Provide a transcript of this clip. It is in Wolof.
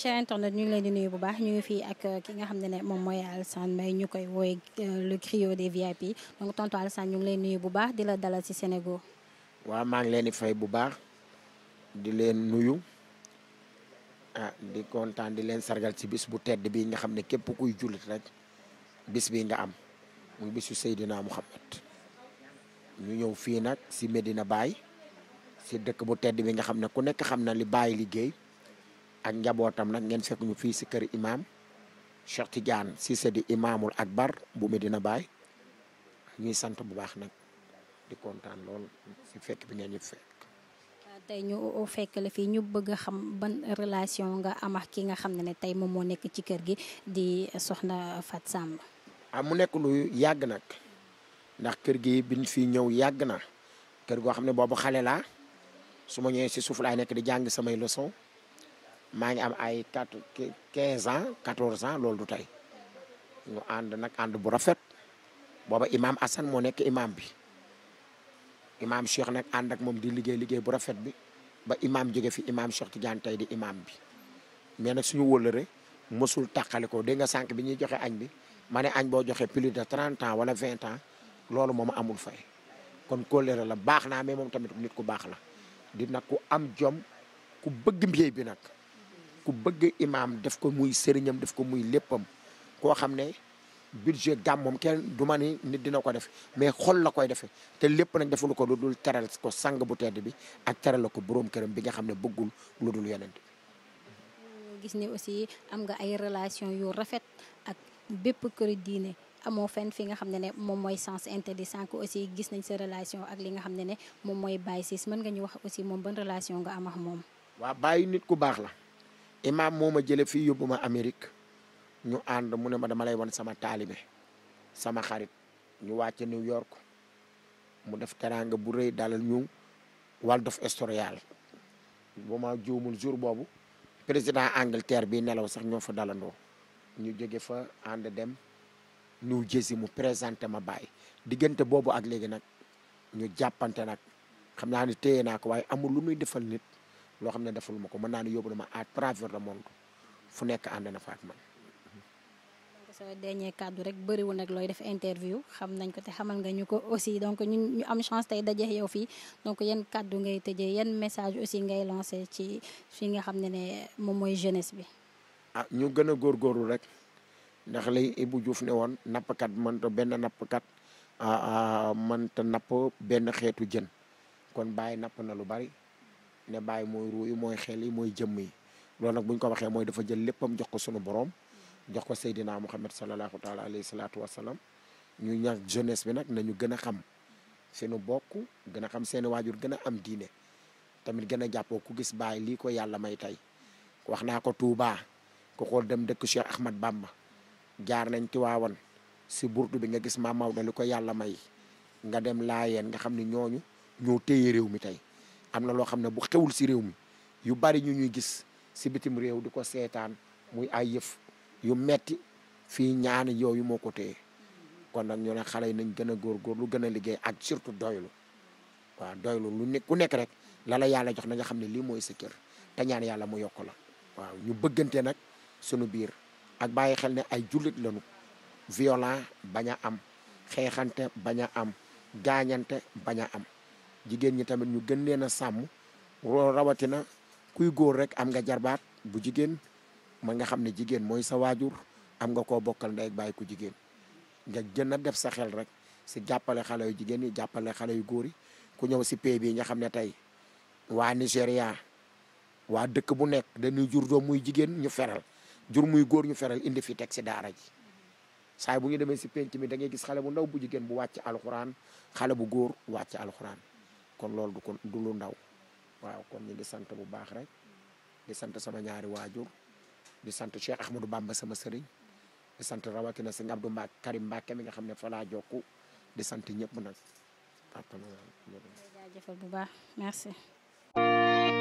chers internautes ñu ngi leen di nuyu bu baax ñu ngi fii ak uh, ki nga xam ne ne moom mooy Alassane Mbaye ñu koy wooy uh, le griot des VIP donc tonton Alassane ñu ngi leen nuyu bu baax di la dalal ci Sénégal. waa maa ngi leen di fay bu baax di leen nuyu ah di kontaan di leen sargal ci bis bu tedd bi nga xam ne képp kuy jullit rek bis bi nga am muy bisu Seydina Muhammad ñu ñëw fii nag ci Medina Baye ci dëkk bu tedd bi nga xam ne ku nekk xam na li Baye liggéey. ak njabootam nag ngeen fekk ñu fii si kër imaam Cheikh Tidiane Cissé di imaamul akbar bu na Baye ñuy sant bu baax nag di kontaan lool si fekk bi ngeen ñu fekk. tey ñu fii ñu bëgg a xam ban relation nga am ki nga xam ne ne tey moom moo nekk ci kër gi di soxna Fat Samb. ah mu nekk lu yàgg nag ndax kër gi biñ fi ñëw yàgg na kër goo xam ne boobu xale laa su ma ñëwee si suuf laay nekk di jàng samay leçon maa ngi am ay quatre quinze ans quatorze ans loolu du tey ñu ànd nag ànd bu rafet booba imaam Assane moo nekk imaam bi imaam Cheikh nag ànd ak moom di liggéey liggéey bu rafet bi ba imaam jóge fi imaam Cheikh Tidiane tey di imaam bi mais nag suñu wëllëre mësul tàqale ko dégg nga sànq bi ñuy joxe añ bi ma ne añ boo joxe plus de trente ans wala vingt ans loolu moom amul fay kon kóllëre la baax naa mais moom tamit nit ku baax la di nag ku am jom ku bëgg mbiyey bi nag ku bëgg imaam def ko muy sëriñam def ko muy léppam koo xam ne budget gàmmoom kenn du ma ni nit dina ko def mais xool la koy defee te lépp nañ deful ko lu dul teral ko sang bu tedd bi ak teral ko boroom këram bi nga xam ne bëggul lu dul yeneen. gis ne aussi am nga ay relation yu rafet ak bépp kër diine amoo fenn fi nga xam ne ne moom mooy sens interdit sànq aussi gis nañ sa relation ak li nga xam ne ne moom mooy Baye Ciss mën nga ñu wax aussi moom ban relation nga am moom. waaw Baye nit ku baax la. imaam moom ma jële fii yóbbu ma Amérique ñu ànd mu ne ma dama lay wan sama taalibe sama xarit ñu wàcce New York mu def teraanga bu rëy dalal ñu wal dof historial bu ma juumul jour boobu président Angleterre bi nelaw sax ñoo fa dalandoo ñu jóge fa ànd dem New Jersey mu présenté ma baay diggante boobu ak léegi nag ñu jàppante nag xam naa ni téye naa ko waaye amul lu muy defal nit loo xam ne deful ma ko mën naa ne yóbbu ma à travers le monde fu nekk ànd na fa ak man. donc sa kàddu rek bëriwul nag looy def interview xam nañ ko te xamal nga ñu ko aussi donc ñu ñu am chance tey daje yow fii donc yan kàddu ngay tëje yan message aussi ngay lancé ci fi nga xam ne ne moom mooy jeunesse bi. ah ñu gën a góorgóorlu rek ndax lay bu Diouf ne woon nappkat mënta benn nappkat ah, ah, mënta napp benn xeetu jën kon bàyyi napp na lu bari. ne bàyyi mooy ruu mooy xel yi mooy jëmm yi loolu nag bu ñu ko waxee mooy dafa jël léppam jox ko sunu boroom jox ko Seydina Muhammad sallallahu taala alayhi salaatu wa salaam ñu ñaax jeunesse bi nag nañu gën a xam seenu bokk gën a xam seeni waajur gën a am diine tamit gën a jàppoo ku gis bàyyi lii ko yàlla may tey wax naa ko Touba ko xool dem dëkk Cheikh Ahmad Bamba jaar nañ Tiwaawan si burtu bi nga gis Maam Maodo li ko yàlla may nga dem laayeen nga xam ni ñooñu ñoo téye réew mi tey am na loo xam ne bu xewul si réew mi yu bari ñu ñuy gis si bitim réew di ko seetaan muy ay yëf yu metti fii ñaani yooyu moo ko téye kon nag ñu ne xale yi nañ gën a góorgóorlu gën a liggéey ak surtout doylu waaw doylu lu ne ku nekk rek la yàlla jox na xam ne lii mooy sa kër yàlla mu yokk waaw ñu bëggante nag sunu biir ak bàyyi xel ay jullit lañu violent bañ a am xeexante bañ a am gaañante bañ a am jigéen ñi tamit ñu gën leen a sàmm rawatina kuy góor rek am nga jarbaat bu jigéen ma nga xam ne jigéen mooy sa waajur am nga koo bokkal nday bàyyi ku jigéen nga gën a def sa xel rek si jàppale xale yu jigéen yi jàppale xale yu góor yi ku ñëw si pays bi nga xam ne tey waa Nigéria waa dëkk bu nekk dañuy jur doom muy jigéen ñu feral jur muy góor ñu feral indi fi teg si daara ji saay bu ñu demee si penc mi da ngay gis xale bu ndaw bu jigéen bu wàcc alxuraan xale bu góor wàcc alxuraan kon loolu du ko lu ndaw waaw kon ñu ngi sant bu baax rek di sant sama ñaari waajur di sant Cheikh Ahmadou ba sama sëriñ di sant rawatina sëñ Abdou Mbacke Karim Mbacke mi nga xam ne fa laa jokku di sant ñëpp nag. jaajëfal bu baax merci.